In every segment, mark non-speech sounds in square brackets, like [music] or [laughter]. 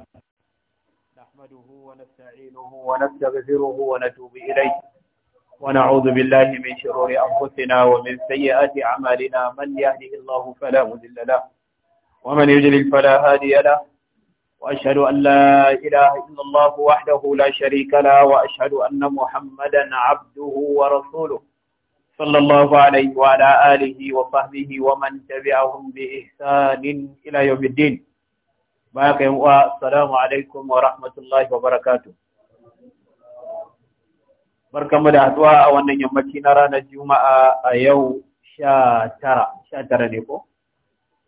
نحمده ونستعينه ونستغفره ونتوب إليه ونعوذ بالله من شرور أنفسنا ومن سيئات أعمالنا من يهده الله فلا مذل له ومن يضلل فلا هادي له وأشهد أن لا إله إلا الله وحده لا شريك له وأشهد أن محمدا عبده ورسوله صلى الله عليه وعلى آله وصحبه ومن تبعهم بإحسان إلى يوم الدين baya ka uwa salamu alaikum wa rahmatullahi wa barakatu barkanmu da haduwa a wannan yammaci na ranar juma'a a yau sha tara sha tara ne ko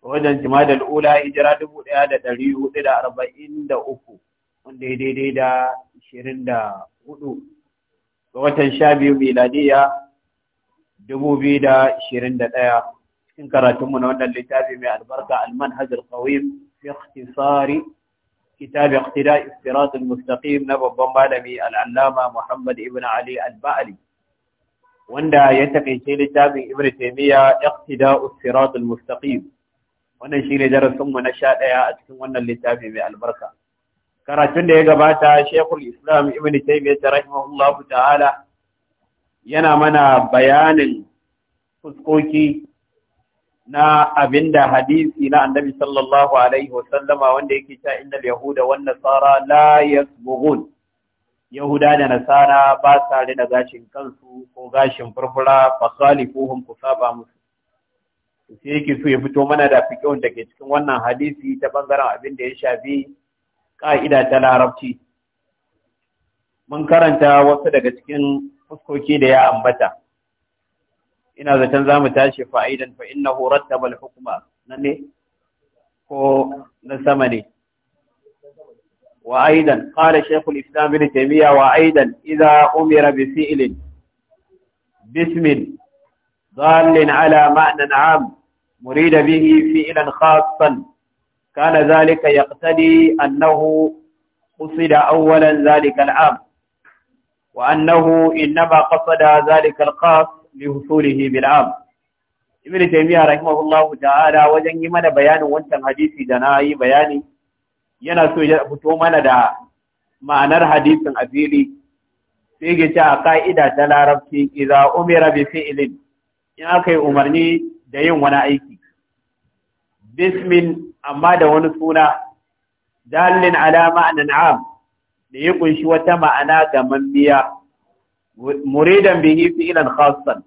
wajen da ula hijira dubu ɗaya da ɗari hudu da arba'in da uku wanda ya daidai da ashirin da hudu ga watan sha biyu miladiya dubu biyu da ashirin da ɗaya cikin karatunmu na wannan littafi mai albarka alman Hajar, kawim باختصار كتاب اقتداء الصراط المستقيم نبب مالمي العلامة محمد ابن علي البعلي وندا يتقيشي لتابع ابن تيمية اقتداء الصراط المستقيم wannan shi ne darasinmu na sha ɗaya a cikin wannan littafin mai albarka karatun da ya gabata shekul islam ibn taymiyyah rahimahullah ta'ala yana mana bayanin fuskoki na abinda hadisi na annabi sallallahu alaihi wasallama wanda yake cewa innal yahuda wan nasara la yasbughun yahuda da nasara ba sa da gashin kansu ko gashin furfura fasalifuhum kusaba musu sai yake so ya fito mana da fiqhun da ke cikin wannan hadisi ta bangaren abin da ya shafi ka'ida ta larabci mun karanta wasu daga cikin fuskoki da ya ambata ina zaton za mu tashi fa'idan fa innahu rattaba al-hukma nan ne ko na sama ne wa aidan qala shaykh al-islam ibn taymiya wa aidan idha umira bi fi'lin bismin ضال على معنى عام مريد به فعلا خاصا كان ذلك يقتدي أنه قصد أولا ذلك العام وأنه إنما قصد ذلك الخاص لوصوله بالعام ibn taymiya rahimahullahu ta'ala wajen yi mana bayanin wancan hadisi da na yi bayani yana so ya fito mana da ma'anar hadisin a fili sai ya a ƙa'ida ta larabci idza umira bi fi'lin in aka yi umarni da yin wani aiki bismin amma da wani suna dalilin ala ma'anan am ne ya ƙunshi wata ma'ana gamammiya muridan bihi fi'lan khassan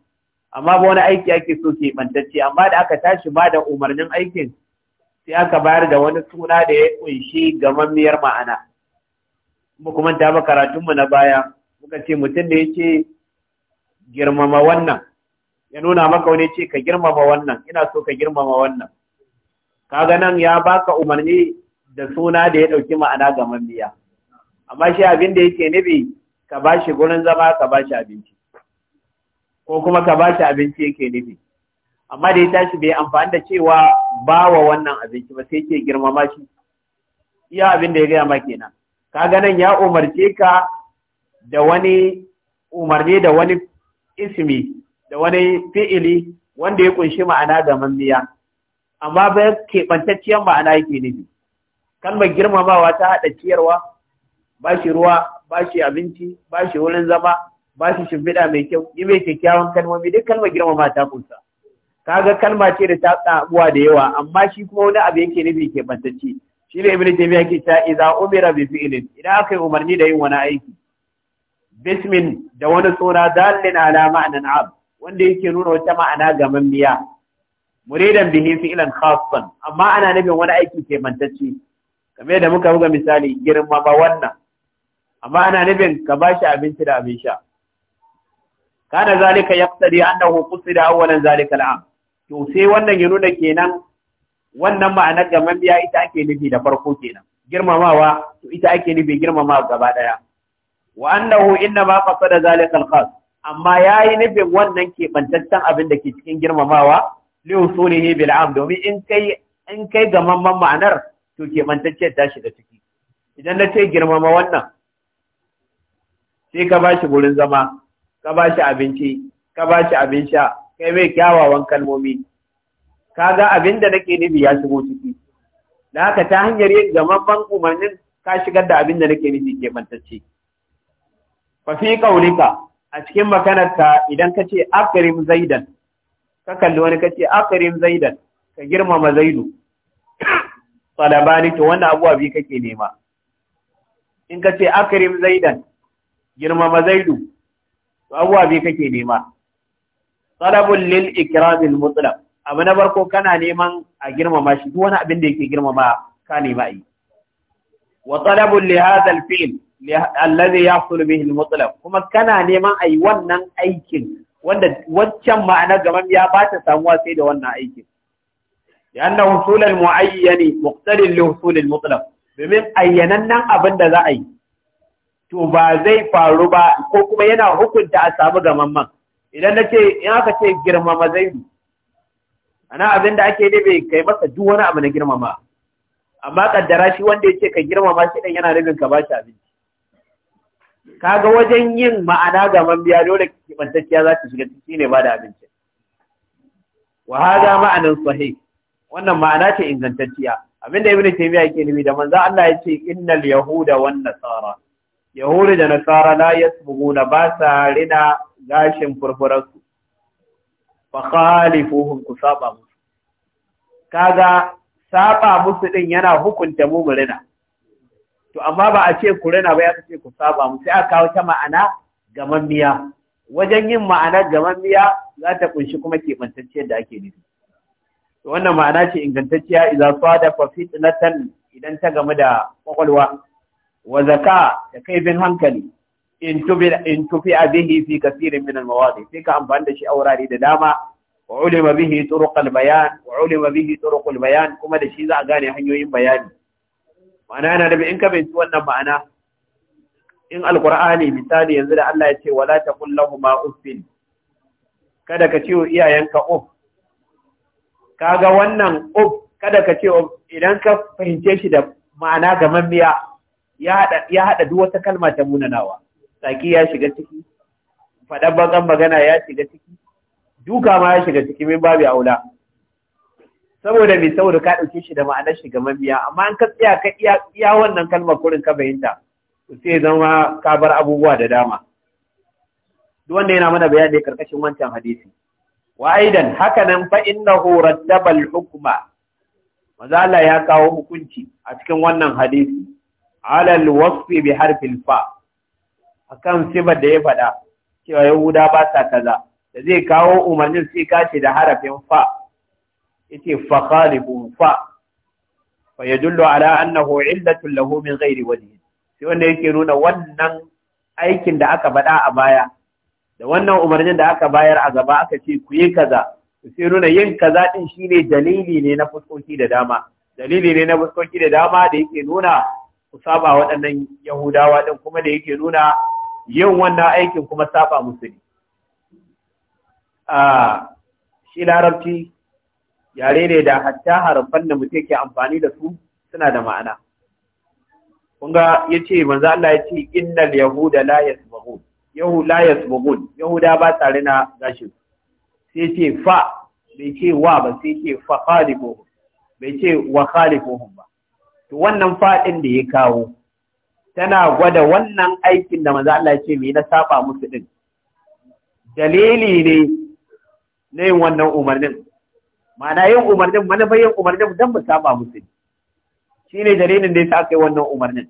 amma ba wani aiki ake so ke bantacce amma da aka tashi ba da umarnin aikin sai aka bayar da wani suna da ya kunshi gamammiyar ma'ana mu kuma ta ba karatunmu na baya muka ce mutum da yake girmama wannan ya nuna maka wani ce ka girmama wannan ina so ka girmama wannan kaga nan ya baka umarni da suna da ya ɗauki ma'ana gamammiya amma shi abin da yake nufi ka ba shi gurin zama ka ba shi abinci ko kuma ka ba shi abinci yake nufi amma da ya tashi bai amfani da cewa ba wa wannan abinci ba sai ke girmama shi iya abin da ya gaya ma kenan ka ga nan ya umarce ka da wani umarni da wani ismi da wani fi'ili wanda ya kunshi ma'ana ga mammiya amma ba keɓantacciyar ma'ana yake nufi kalmar girmamawa ta haɗa ciyarwa ba shi ruwa ba shi abinci ba shi wurin zama ba shi shimfiɗa mai kyau yi mai kyakkyawan kalmomi duk kalma girmama ta kunsa kaga kalma ce da ta tsabuwa da yawa amma shi kuma wani abu yake nufi ke bantacce shi ne Ibn taymiya ke cewa idza umira bi fi'lin idan aka yi umarni da yin wani aiki bismin da wani suna dalilin ala ma'anan ab wanda yake nuna wata ma'ana ga gamammiya muridan bihi fi'lan khassan amma ana nufin wani aiki ke bantacce kamar da muka buga misali girma ba wannan amma ana nufin ka ba shi abinci da abin sha kana zalika yaqtadi annahu da awwalan zalika la'am. to sai wannan ya nuna kenan wannan ma'anar ga biya ita ake nufi da farko kenan girmamawa to ita ake nufi girmamawa gaba daya wa annahu inna ma qasada zalika al-khas amma yayi nufin wannan keɓantaccen abin da ke cikin girmamawa li usulihi bil am domin in kai in kai gamamman ma'anar to keɓantaccen tashi da ciki idan na ce girmama wannan sai ka ba shi gurin zama ka ba shi abinci ka ba shi abin sha kai mai kyawawan kalmomi Ka ga abin da nake nufi ya shigo ciki da haka ta hanyar yin zaman ban umarnin ka shigar da abin da nake nufi ke mantacce fa fi a cikin maganarka idan ka ce akrim zaidan ka kalli wani ka ce akrim zaidan ka girmama zaidu [coughs] talabani to wannan abuwa bi kake nema in ka ce akrim zaidan girmama zaidu to abuwa bi kake nema talabul lil ikramil mutlaq abu na barko kana neman a girmama shi duk wani abin da yake girmama ka nema yi wa talabul li hadha al fi'l alladhi yahsul bihi al mutlaq kuma kana neman ayi wannan aikin wanda waccan ma'ana gaman ya ba ta samuwa sai da wannan aikin لأن وصول المعين مقتل Bimin المطلق abin da za a yi. to ba zai faru ba ko kuma yana hukunta a samu gamamman idan na ce in aka ce girmama zaidu ana abin da ake bai kai masa duk wani abu na girmama amma kaddara shi wanda ya ce ka girmama shi dan yana rubin ka bashi abinci kaga wajen yin ma'ana ga mambiya dole kibantacciya za ta shiga ciki ne ba da abinci wa hada ma'anan sahih wannan ma'ana ce ingantacciya abinda ibnu taymiya yake nufi da manzo Allah ya ce innal yahuda wan nasara yahudu da nasara la na ba sa rina gashin furfuransu fa khalifuhum ku saba musu kaga saba musu din yana hukunta mu murina. to amma ba a ce ku rina ba ya ce ku saba musu sai aka kawo ta ma'ana gamammiya wajen yin ma'ana gamammiya za ta kunshi kuma keɓantacce da ake nufi To wannan ma'ana ce ingantacciya idan swada fa fitnatan idan ta gamu da kwakwalwa wa zaka da kaifin hankali in tufi a bihi fi kasirin min al-mawadi sai ka amfani da shi a wurare da dama wa ma bihi turuqal bayan wa ma bihi turuqul bayan kuma da shi za a gane hanyoyin bayani ma'ana yana da in ka bai wannan ma'ana in alqur'ani misali yanzu da Allah ya ce wala taqul ma uffin kada ka ce wa iyayenka uff kaga wannan uff kada ka ce idan ka fahimce shi da ma'ana gamammiya ya haɗa duk wata kalma ta munanawa Saki ya shiga ciki faɗan bakan magana ya shiga ciki duka ma ya shiga ciki min babu aula saboda mai saboda ka ɗauke shi da ma'anar shiga mabiya. amma an ka tsaya ka iya wannan kalmar kurin ka fahimta sai zama ka bar abubuwa da dama duk wanda yana mana bayani karkashin wancan hadisi wa aidan haka nan fa inna horar al-hukma maza Allah ya kawo hukunci a cikin wannan hadisi alal wasfi bi harfin fa akan sifar da ya faɗa cewa yahuda ba sa kaza da zai kawo umarnin sai kace da harafin fa yace fa khalifu fa fa yadullu ala annahu illatun lahu min ghairi wajhi sai wanda yake nuna wannan aikin da aka faɗa a baya da wannan umarnin da aka bayar a gaba aka ce ku yi kaza sai nuna yin kaza din shine dalili ne na fuskoki da dama dalili ne na fuskoki da dama da yake nuna ku saba waɗannan Yahudawa ɗin kuma da yake nuna yin wannan aikin kuma saba musu ne. Shi larabci yare ne da hatta harafan da mutum ke amfani da su suna da ma'ana. Kunga ya ce, manzo Allah ya ce, innal Yahuda la yasbaghun. Yahu la yasbaghun. Yahuda ba tare na gashin. Sai ce fa bai ce wa ba sai ce fa khalifuhum. Bai ce wa khalifuhum ba. to wannan faɗin da ya kawo tana gwada wannan aikin da maza Allah ce mai na saba musu ɗin. Dalili ne na yin wannan umarnin, mana yin umarnin manufar yin umarnin don mu saba musu ne. Shi ne dalilin da ya sa kai wannan umarnin.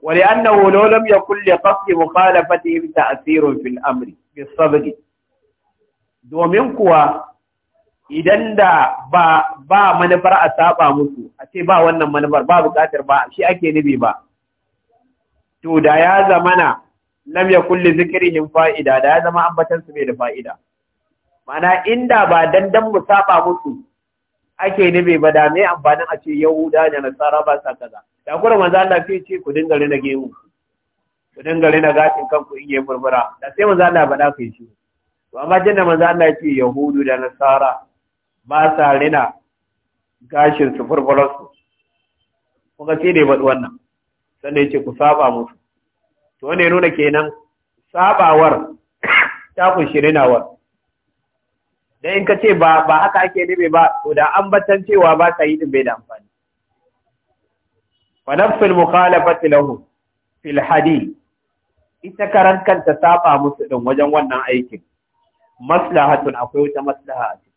Wani an na wololam ya kulle fafi mukhalafati ta asirin fil amri, bi sabri. Domin kuwa idan da ba ba manufar a saba musu a ce ba wannan manufar ba bukatar ba shi ake nubi ba to da ya zamana lam ya li zikirin fa'ida da ya zama ambatan su bai da fa'ida mana inda ba dandan mu saba musu ake nubi ba da mai amfanin a ce yahuda da nasara ba sa kaza da kura manzo Allah sai ce ku dinga rina gemu ku dinga rina gashin kanku in yi murmura. da sai manzo Allah ba da ku shi to amma jinda manzo Allah ce yahudu da nasara ba sa rina gashin su furfurarsu, kuka sai da ya wannan sannan ya ce ku saba musu to wanda ya nuna kenan sabawar ta kunshi rinawar dan in ka ce ba ba haka ake nufi ba to da ambatan cewa ba ka yi din bai da amfani fa nafsul mukhalafati lahu fil hadi ita karan kanta saba musu din wajen wannan aikin maslahatun akwai wata maslaha a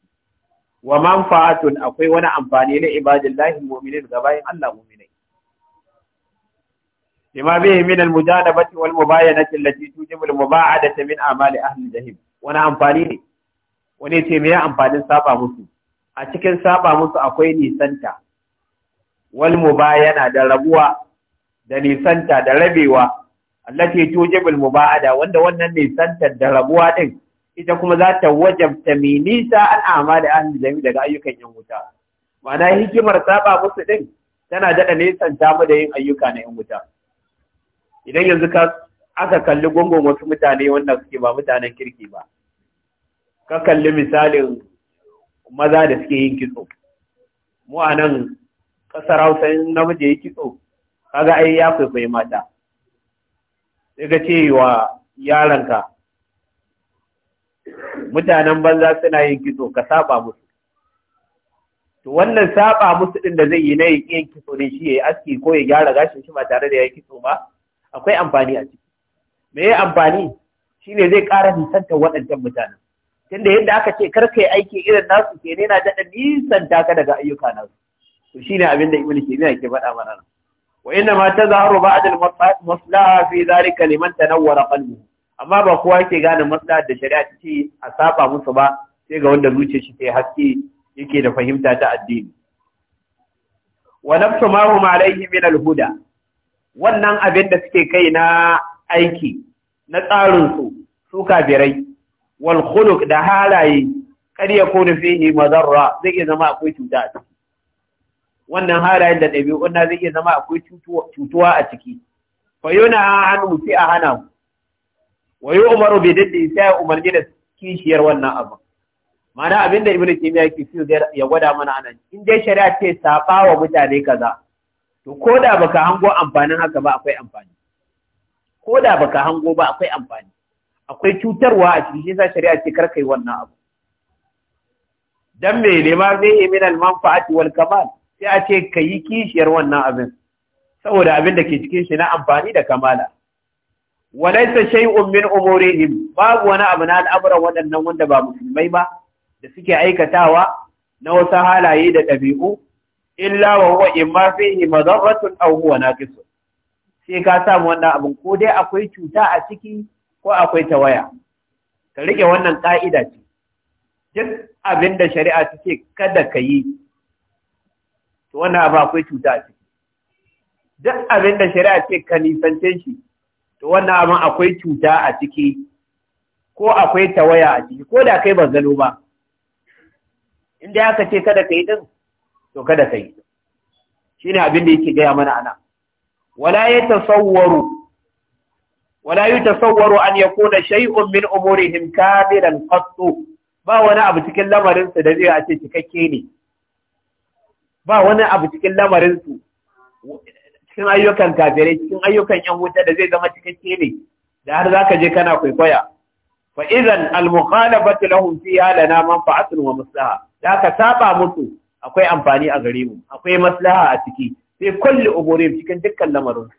wa manfa'atun akwai wani amfani na ibadillahi mu'minin ga bayan Allah mu'minai bima bihi min al-mujadabati wal mubayanati allati tujibu al-muba'adata min a'mali ahli jahim wani amfani ne wani ce me amfanin saba musu a cikin saba musu akwai nisanta wal mubayana da rabuwa da nisanta da rabewa allati tujibu al-muba'ada wanda wannan nisantar da rabuwa din ita kuma za ta wajabta mai nisa an da ahli jami daga ayyukan yan wuta ma'ana hikimar saba musu din tana daɗa nesanta mu da yin ayyuka na yan wuta idan yanzu ka aka kalli gungun wasu mutane wannan suke ba mutanen kirki ba ka kalli misalin maza da suke yin kitso mu a nan ƙasar hausa in namiji ya kitso kaga ai ya kwaikwayi mata sai ka ce wa yaronka mutanen banza suna yin kitso ka saba musu to wannan saba musu din da zai yi na yin kitso ne shi ya yi aski ko ya gyara gashin shi ba tare da ya yi kitso ba akwai amfani a ciki me ya amfani ne zai ƙara nisanta waɗancan mutanen tunda yadda aka ce kar ka yi aiki irin nasu ke ne na daɗa nisanta ka daga ayyuka nasu to ne abin da ibnu kemiya ke faɗa mana wa inna ma tazharu ba'd al-maslaha fi dhalika liman tanawwara qalbuhu amma ba kowa ke gane matsala da shari'a ta ce a saba musu ba sai ga wanda zuciya shi ta haske yake da fahimta ta addini wa nafsu ma hum alaihi min alhuda wannan abin da suke kai na aiki na tsarin su su kafirai wal khuluq da halaye kar ya kunu fihi madarra zai zama akwai cuta a ciki wannan halayen da ɗabi'un na zai iya zama akwai cutuwa a ciki fa yuna an fi a hana mu wa Umaru bai dadi sai umarni da kishiyar wannan abu mana abinda ibnu taymiya yake so ya gwada mana anan in dai shari'a ce saba wa mutane kaza to koda baka hango amfanin haka ba akwai amfani koda baka hango ba akwai amfani akwai cutarwa a cikin shi shari'a ce kar kai wannan abu dan me ne ma zai min al wal kamal sai a ce kayi kishiyar wannan abin saboda abin da ke cikin shi na amfani da kamala walaisa shay'un min umurihim babu wani abu na al'amuran waɗannan wanda ba musulmai ba da suke aikatawa na wasu halaye da ɗabi'u illa wa huwa imma fihi madarratun aw huwa naqis sai ka samu wannan abin ko dai akwai cuta a ciki ko akwai tawaya ka rike wannan ka'ida ce duk abin da shari'a ta ce kada ka yi to wannan abu akwai cuta a ciki duk abin da shari'a ce ka nisance shi to wannan abin akwai cuta a ciki ko akwai tawaya a ciki ko da kai ba zalo ba inda aka ce kada ka yi din to kada ka yi shine abin da yake gaya mana ana wala tasawwaru wala tasawwaru an yakuna shay'un min umurihim kabiran qattu ba wani abu cikin lamarinsu da zai a ce cikakke ne ba wani abu cikin lamarinsu cikin ayyukan kafirai cikin ayyukan yan wuta da zai zama cikakke ne da har zaka je kana kwaikwaya fa idan al mukhalafatu lahum fiha na manfa'atun wa maslaha da ka saba musu akwai amfani a gare mu akwai maslaha a ciki sai kulli uburim cikin dukkan lamarin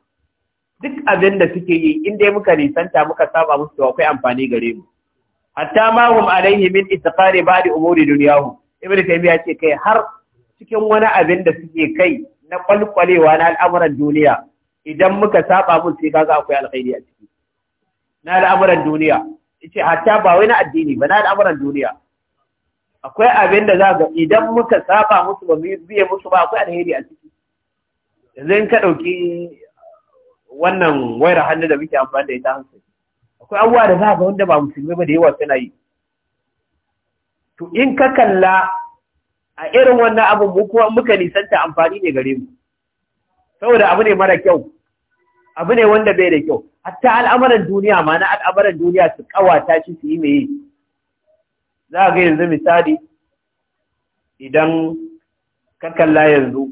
duk abin da suke yi in dai muka nisanta muka saba musu akwai amfani gare mu hatta ma hum alaihi min itqari ba'di umuri dunyahu ibnu taymiya ce kai har cikin wani abin da suke kai na kwalkwalewa na al'amuran duniya idan muka saba mun sai kaga akwai alkhairi a ciki na al'amuran duniya yace hatta ba wai na addini ba na al'amuran duniya akwai abin da za ga idan muka saba musu ba biye musu ba akwai alkhairi a ciki yanzu in ka dauki wannan wayar hannu da muke amfani da ita hansu akwai abubuwa da za ga wanda ba musulmi ba da yawa suna yi to in ka kalla a irin wannan abin mu kuma muka nisanta amfani ne gare mu saboda abu ne mara kyau abu ne wanda bai da kyau hatta al'amuran duniya ma na al'amuran duniya su kawata shi su yi mai za ga yanzu misali idan ka kalla yanzu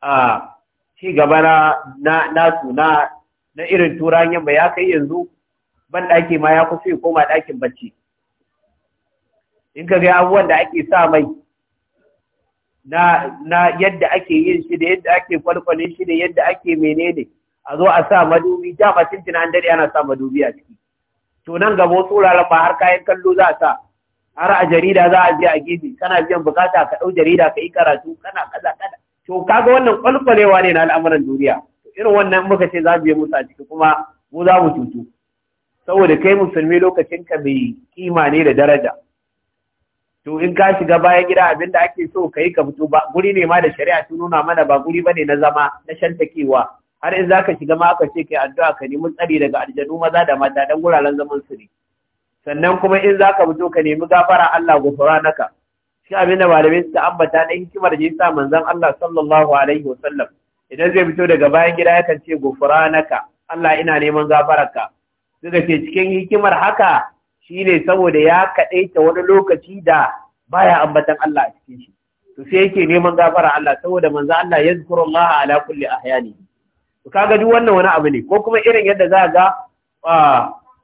a ci gaba na nasu na na irin turan yamma ya kai yanzu ban ɗaki ma ya kusa ya koma ɗakin bacci in ka ga abubuwan da ake sa mai na na yadda ake yin shi da yadda ake kwalkwalin shi da yadda ake menene a zo a sa madubi da matin tunan dare ana sa madubi a ciki to nan gaba wasu wuraren ba har kayan kallo za a sa har a jarida za a je a gefe kana biyan bukata ka ɗau jarida ka yi karatu kana kaza kada to kaga wannan kwalkwalewa ne na al'amuran duniya irin wannan muka ce za mu je musa ciki kuma mu za mu tutu. saboda kai musulmi lokacin ka mai kima ne da daraja to in ka shiga bayan gida abin da ake so ka yi ka fito ba guri ne ma da shari'a sun nuna mana ba guri bane na zama na shantakewa har in zaka shiga ma aka ce kai addu'a ka nemi tsari daga aljanu maza da mata dan guraren zaman su ne sannan kuma in zaka fito ka nemi gafara Allah naka. shi abin da malamai ta ambata na hikimar da yasa manzon Allah sallallahu alaihi wasallam idan zai fito daga bayan gida yakan ce naka. Allah ina neman gafararka suka ce cikin hikimar haka Shi ne saboda ya kaɗaita wani lokaci da baya ambatan Allah a cikin shi to sai yake neman gafara Allah saboda manzo Allah ya Allah ala kulli ahyani to kaga duk wannan wani abu ne ko kuma irin yadda za ga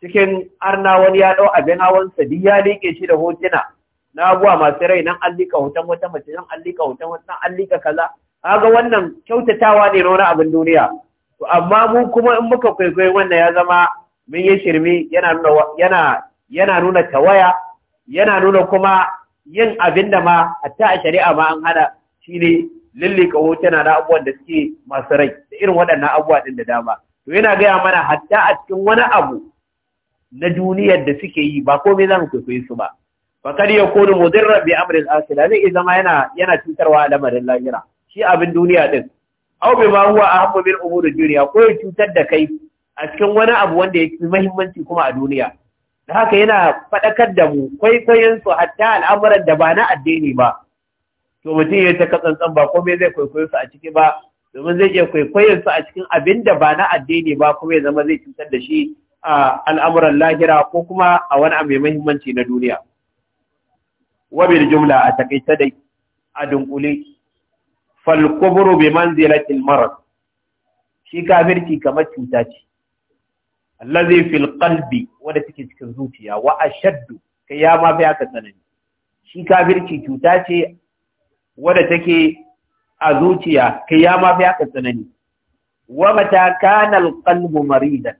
cikin arna wani ya dau abin hawan Sadiya, ya leke shi da hotuna na abuwa masu rai nan an lika hoton wata mace nan an lika hoton wata nan an lika kaza kaga wannan kyautatawa ne na wani abin duniya to amma mu kuma in muka kwaikwayi wannan ya zama mun yi shirme yana yana nuna tawaya yana nuna kuma yin abin da ma ta a shari'a ma an hana shine ka hotuna na abubuwan da suke masu rai da irin waɗannan abubuwa ɗin da dama to yana gaya mana hatta a cikin wani abu na duniyar da suke yi ba komai zan mu su ba Ba fakar ya kone mudirra bi amrin asila zai iya zama yana yana cutarwa a lamarin lahira shi abin duniya ɗin. Aw bi ma huwa hamma min umuru duniya ko ya cutar da kai a cikin wani abu wanda ya fi mahimmanci kuma a duniya da haka yana faɗakar da mu kwaikwayonsu hatta al'amuran da ba na addini ba to mutum ya ta katsantsan ba komai zai kwaikwayo su a ciki ba domin zai iya kwaikwayon su a cikin abin da ba na addini ba kuma ya zama zai cutar da shi a al'amuran lahira ko kuma a wani abu mai muhimmanci na duniya wabil jumla a takaice da a dunkule fal kubru bi manzilatil marad shi kafirci kamar cuta ce allazi fil wadda take cikin zuciya wa ashaddu kai ya ma fi haka tsanani shi kafirci cuta ce wadda take a zuciya kai ya ma fi haka tsanani wa mata kana alqalbu maridan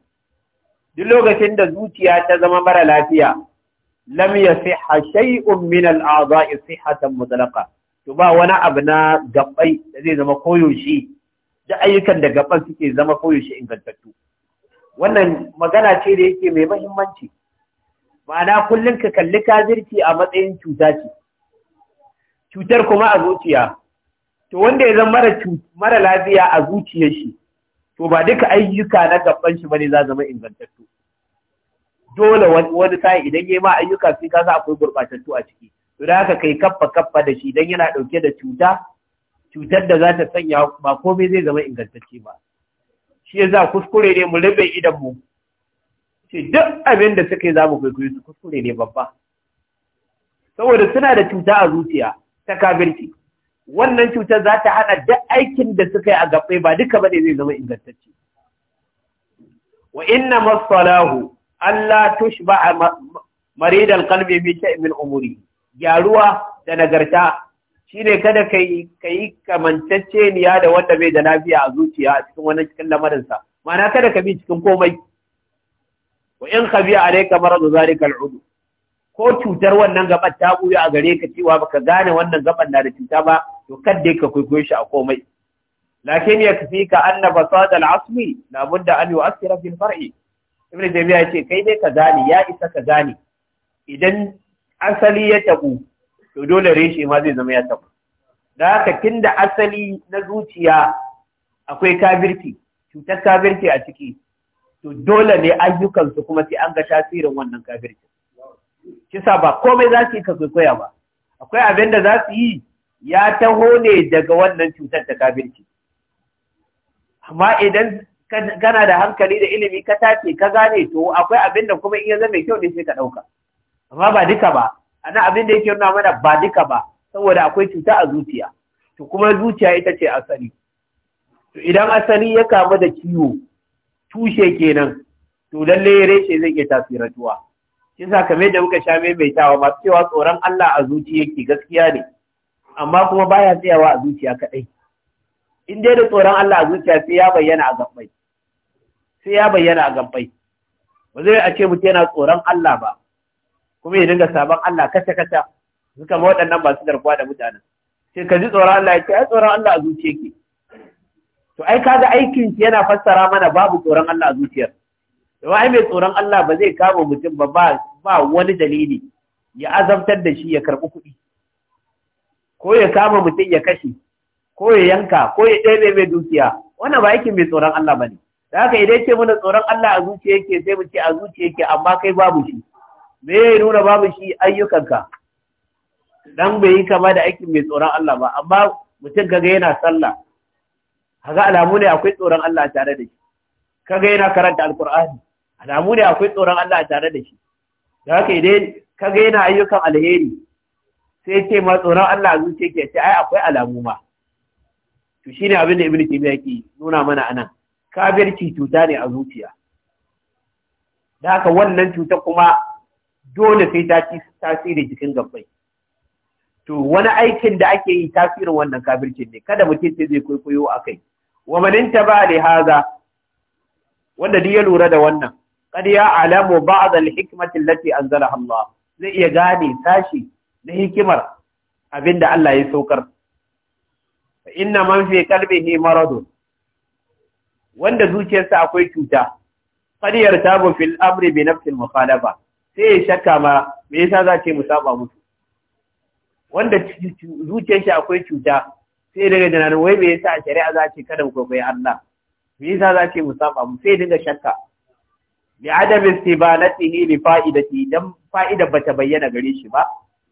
duk lokacin da zuciya ta zama mara lafiya lam yasihha shay'un min al'adha'i sihhatan mutlaqa to ba wani abu na gabbai da zai zama koyaushe da ayyukan da gabban suke zama koyaushe ingantattu wannan magana ce da yake mai mahimmanci ma'ana kullum ka kalli kafirci a matsayin cuta ce cutar kuma a zuciya to wanda ya zama mara lafiya a zuciyar shi to ba duka ayyuka na gaban shi bane za zama ingantattu dole wani sai idan yayi ma ayyuka sai ka sa akwai gurbatattu a ciki to da haka kai kaffa kaffa da shi idan yana dauke da cuta cutar da za ta sanya ba komai zai zama ingantacce ba shi yasa kuskure ne mu rabe idan mu ce duk abin da suka za mu kwaikwayo su kuskure ne babba saboda suna da cuta a zuciya ta kafirci wannan cutar za ta hana duk aikin da suka yi a gaɓe ba duka ba ne zai zama ingantacce wa inna masalahu Allah tushba a alqalbi bi shay'in min umuri gyaruwa da nagarta Shi ne kada ka yi kamantacce niya da wanda bai da lafiya a zuciya a cikin wannan cikin lamarin ma'ana kada ka bi cikin komai wa in khabi alayka maradu zalika udu ko cutar wannan gaban ta buya a gare ka cewa baka gane wannan gaban na da cuta ba to kadda ka kwaikwayo shi a komai lakin ya annaba anna fasad al'asmi budda an yu'athira fil far'i ibnu jami'a ce kai dai ka gane ya isa ka gane idan asali ya tabu to dole reshe ma zai zama ya tabu da haka da asali na zuciya akwai kabirki, cutar kabirki a ciki to dole ne ayyukansu kuma sai an ga tasirin wannan kafirci kisa ba komai za su yi ka kwaikwaya ba akwai abin da za su yi ya taho ne daga wannan cutar ta kafirci amma idan kana da hankali da ilimi ka tace ka gane to akwai abin da kuma iya zama kyau ne sai ka ɗauka amma ba duka ba ana abin da yake nuna mana ba duka ba saboda akwai cuta a zuciya to kuma zuciya ita ce asali to idan asali ya kamu da ciwo tushe kenan to lalle reshe zai iya tasiratuwa shi sa kamar da muka sha maimaitawa masu cewa tsoron Allah a zuciya yake gaskiya ne amma kuma baya tsayawa a zuciya kadai in dai da tsoron Allah a zuciya sai ya bayyana a gabbai sai ya bayyana a gabbai ba zai a ce mutum yana tsoron Allah ba kuma ya dinga sabon Allah kasa kasa suka ma waɗannan masu garkuwa da mutanen sai ka ji tsoron Allah ya ce ai tsoron Allah a zuciya ke to ai kaga aikin shi yana fassara mana babu tsoron Allah a zuciyar to ai mai tsoron Allah ba zai kama mutum ba ba ba wani dalili ya azabtar da shi ya karɓi kuɗi ko ya kama mutum ya kashe ko ya yanka ko ya ɗebe mai dukiya wannan ba aikin mai tsoron Allah ne? da haka idan ce mana tsoron Allah a zuciya yake sai mu ce a zuciya yake amma kai babu shi me ya nuna babu shi ayyukanka dan bai yi kama da aikin mai tsoron Allah ba amma mutum kaga yana sallah kaga alamu ne akwai tsoron Allah tare da shi kaga yana karanta alkur'ani alamu ne akwai tsoron Allah tare da shi da haka idan kaga yana ayyukan alheri sai ce ma tsoron Allah a zuciya ke ce ai akwai alamu ma to shine abin da Ibn taymiya yake nuna mana anan kabirci cuta ne a zuciya da haka wannan cuta kuma dole sai ta ci tasiri jikin gabbai to wani aikin da ake yi tasirin wannan kafircin ne kada mutum ce zai kwaikwayo a kai wa maninta ba da haza wanda duk ya lura da wannan kad ya alamu ba'd al-hikmati allati anzalaha Allah zai iya gane tashi na hikimar abinda Allah ya saukar fa inna man fi qalbihi maradun wanda zuciyarsa akwai cuta qad yartabu fil amri bi nafsi al-mukhalafa sai ya shakka ma me yasa za ce mu saba musu wanda zuciyar shi akwai cuta sai daga jana wai me yasa shari'a za ce kada ku bai Allah me yasa za ce mu saba mu sai dinga shakka bi adam istibalatihi li fa'idati dan fa'ida bata bayyana gare shi ba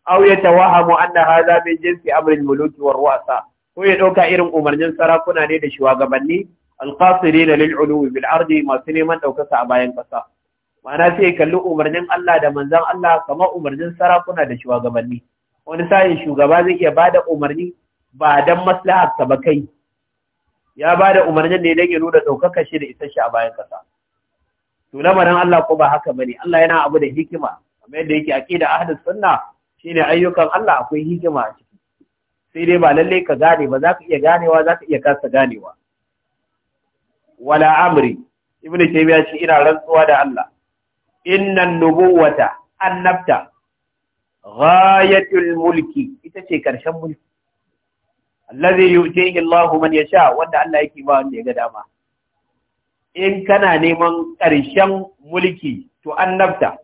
aw ya tawahamu anna hadha min jinsi al muluki wa ru'asa ko ya dauka irin umarnin sarakuna ne da shugabanni alqasirin lil ulwi bil ardi masu neman ɗaukaka a bayan kasa ma'ana sai kalli umarnin Allah da manzan Allah kamar umarnin sarakuna da shugabanni wani sa'in shugaba zai iya bada umarni ba dan maslahar ba kai ya bada umarnin ne dan ya nuna daukaka shi da isa shi a bayan kasa to lamarin Allah ko ba haka bane Allah yana abu da hikima kamar yadda yake aqida ahlus sunna shine ayyukan Allah akwai hikima a ciki sai dai ba lalle ka gane ba za ka iya ganewa za ka iya kasa ganewa wala amri ibnu taymiya ce ina rantsuwa da Allah inna nubuwata annabta ghayatul mulki ita ce karshen mulki allazi yu'tihi Allahu man yasha wanda Allah yake ba wanda ya ga dama in kana neman karshen mulki to annabta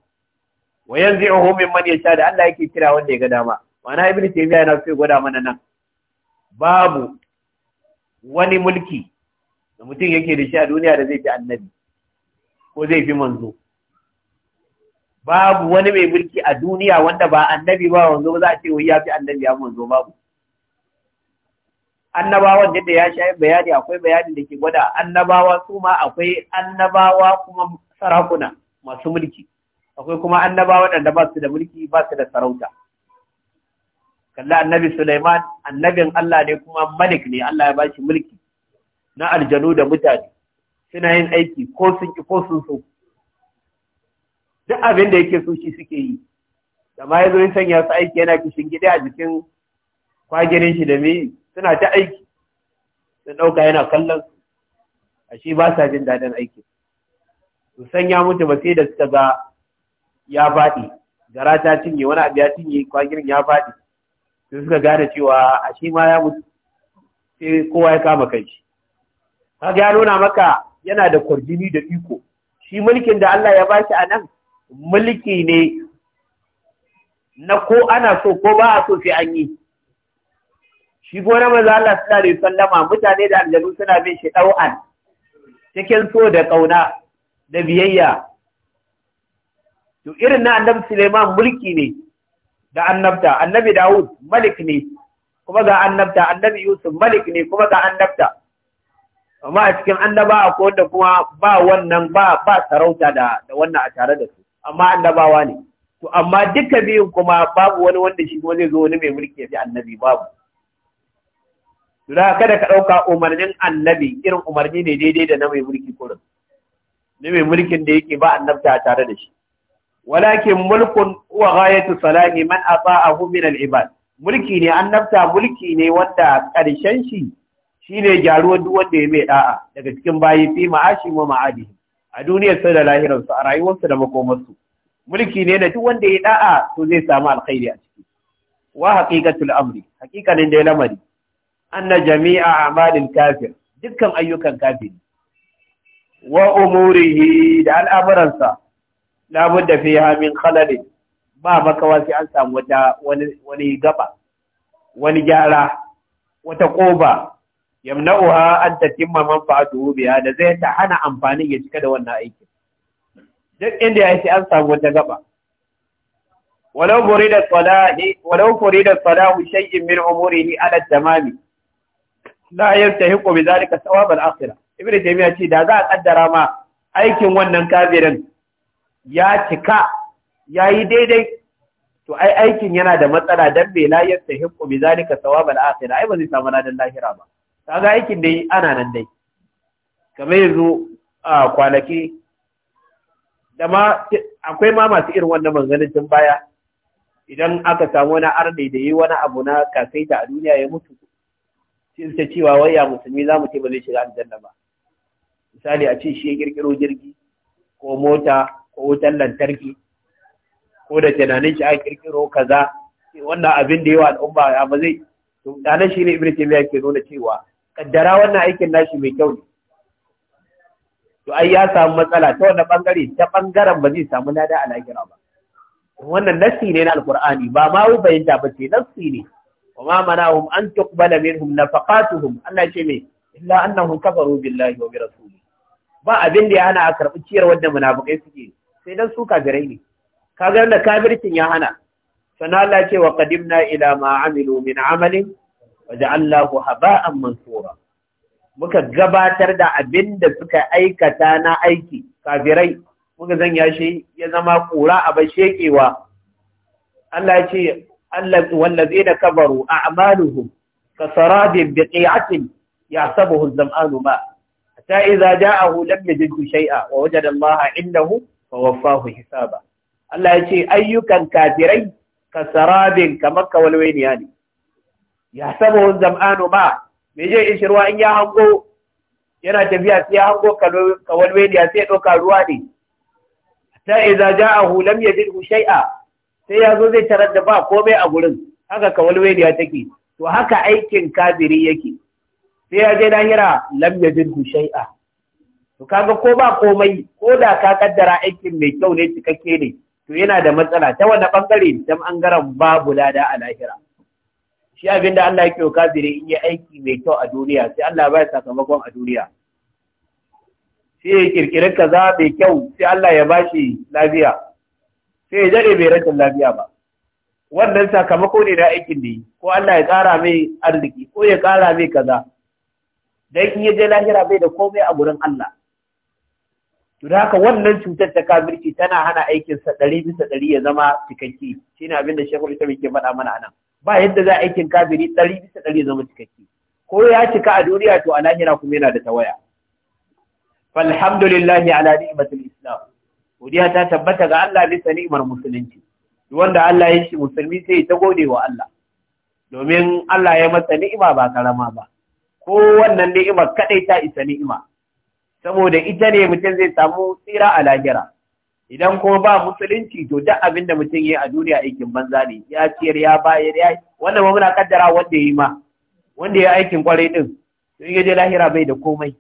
wa yanzi'uhu man yasha da Allah yake kira wanda ya ga dama mana ibnu taymiya yana so gwada mana nan babu wani mulki da mutum yake da shi a duniya da zai fi annabi ko zai fi manzo babu wani mai mulki a duniya wanda ba annabi ba wanzu za a ce wai ya fi annabi ya wanzu babu annabawan da ya sha bayani akwai bayani da ke gwada annabawa su ma akwai annabawa kuma sarakuna masu mulki akwai kuma annabawa da ba su da mulki ba su da sarauta kalla annabi Suleiman annabin Allah ne kuma malik ne Allah ya ba shi mulki na aljanu da mutane suna yin aiki ko sun ki ko sun so duk abin da yake so shi suke yi da ma yazo yin sanya su aiki yana kishin gida a jikin kwaginin shi da me suna ta aiki sun dauka yana kallon a shi ba sa jin daɗin aiki su sanya mutu ba sai da suka ga ya faɗi gara ta cinye wani abu ya cinye kwaginin ya faɗi sai suka gane cewa a shi ma ya mutu sai kowa ya kama kai shi kaga ya nuna maka yana da kwarjini da iko shi mulkin da Allah ya ba shi a nan mulki ne na ko ana so ko ba a so fi an yi shi ko na maza Allah suna da sallama mutane da aljanu suna bin shi ɗau'an cikin so da ƙauna da biyayya to irin na annabi Suleiman mulki ne da annabta annabi Dawud malik ne kuma ga annabta annabi Yusuf malik ne kuma ga annabta amma a cikin annaba a kowanda kuma ba wannan ba ba sarauta da da wannan a tare da su amma annabawa ne to amma duka biyun kuma babu wani wanda shi zai zo wani mai mulki ya fi annabi babu Dura kada ka ɗauka umarnin annabi irin umarni ne daidai da na mai mulki kurin. Ni mai mulkin da yake ba annabta tare da shi. Walakin mulkun huwa ghayatu salahi man ata'ahu min al-ibad. Mulki ne annabta mulki ne wanda ƙarshen shi shine gyaruwar duk wanda ya mai da'a daga cikin bayi fi ma'ashi wa a duniyar sai da lahirarsu a rayuwarsu da makomarsu mulki ne da duk wanda ya da'a to zai samu alkhairi a ciki wa haqiqatul amri haqiqanin da lamari anna jami'a amalin kafir dukkan ayyukan kafiri wa umurihi da al'amuransa budda fiha min khalalin ba makawa sai an samu wata wani gaba wani gyara wata ƙoba yamna'uha an tatimma manfa'atuhu biha da zai ta hana amfanin ya cika da wannan aikin duk inda ya ce an samu wata gaba walau furida salahi walau furida salahu shay'in min umurihi ala tamami la yantahiqu bi zalika thawab al-akhirah ibnu taymiya ce da za a kaddara ma aikin wannan kafirin ya cika yayi daidai to ai aikin yana da matsala dan bai la yantahiqu bi zalika thawab al-akhirah ai ba zai samu ladan lahira ba kaga aikin dai ana nan dai kamar yanzu a kwanaki da ma akwai ma masu irin wannan manzanin tun baya idan aka samu wani arne da yi wani abu na ta a duniya ya mutu sai ta cewa waya musulmi za mu ce ba zai shiga aljanna ba misali a ce shi ya kirkiro jirgi ko mota ko wutar lantarki ko da tunanin shi a kirkiro kaza wannan abin da yawa al'umma ya ba zai to shi ne ibnu taymiya ke nuna cewa kaddara wannan aikin nashi mai kyau ne to ai ya samu matsala ta wannan bangare ta bangaren ba zai samu lada a lahira ba wannan nassi ne na alqur'ani ba ma wu bayyanta ba ce nassi ne wa ma manahum an tuqbala minhum nafaqatuhum Allah ce me illa annahum kafaru billahi wa bi rasuli ba abin da ya hana a karbi ciyar wanda munafikai suke sai dan su kafirai ne kaga da kafircin ya hana sannan Allah ce wa qadimna ila ma amilu min amalin waja'allahu haba'an mansura muka gabatar da abin da suka aikata na aiki kafirai muka zanya shi ya zama kura a bashekewa Allah ya ce wallazina kabaru a'maluhum kasarabin biqi'atin yahsabuhu az-zam'anu ma ta iza ja'ahu lam yajidhu shay'a wa wajada Allah indahu fa waffahu hisaba Allah ya ce ayyukan kafirai kasarabin kamar kawalwaniya ne ya saba zam'anu ba, me je in shirwa in ya hango yana tafiya sai ya hango kawalwediya sai ya ɗauka ruwa ne ta iza ja'ahu lam yajidhu shay'a sai ya zo zai tarar da ba komai a gurin haka kawalwediya take to haka aikin kabiri yake sai ya je lahira lam yajidhu shay'a to kaga ko ba komai ko da ka kaddara aikin mai kyau ne cikakke ne to yana da matsala ta wani bangare dan bangaren babu lada a lahira shi abin da Allah yake kafire in yi aiki mai kyau a duniya sai Allah ba sakamakon a duniya sai ya kirkiri kaza mai kyau sai Allah ya bashi lafiya sai ya jade mai rashin lafiya ba wannan sakamako ne na aikin da yi ko Allah ya kara mai arziki ko ya kara mai kaza dan in ya je lahira bai da komai a gurin Allah to da haka wannan cutar ta kafirci tana hana aikinsa ɗari bisa ɗari ya zama cikakke shine abin da shekaru ta ke faɗa mana anan ba yadda za a aikin kafiri ɗari bisa ɗari zama cikakke ko ya cika a duniya to a lahira kuma yana da tawaya falhamdulillahi ala ni'matul islam godiya ta tabbata ga Allah bisa ni'imar musulunci wanda Allah ya shi musulmi sai ta gode wa Allah domin Allah ya masa ni'ima ba karama ba ko wannan ni'imar kaɗai ta isa ni'ima saboda ita ne mutum zai samu tsira a lahira idan kuma ba musulunci to duk abin da mutum yi a duniya aikin banza ne ya ciyar ya bayar ya wannan ba muna kaddara wanda yi ma wanda ya aikin kwarai din to ya je lahira bai da komai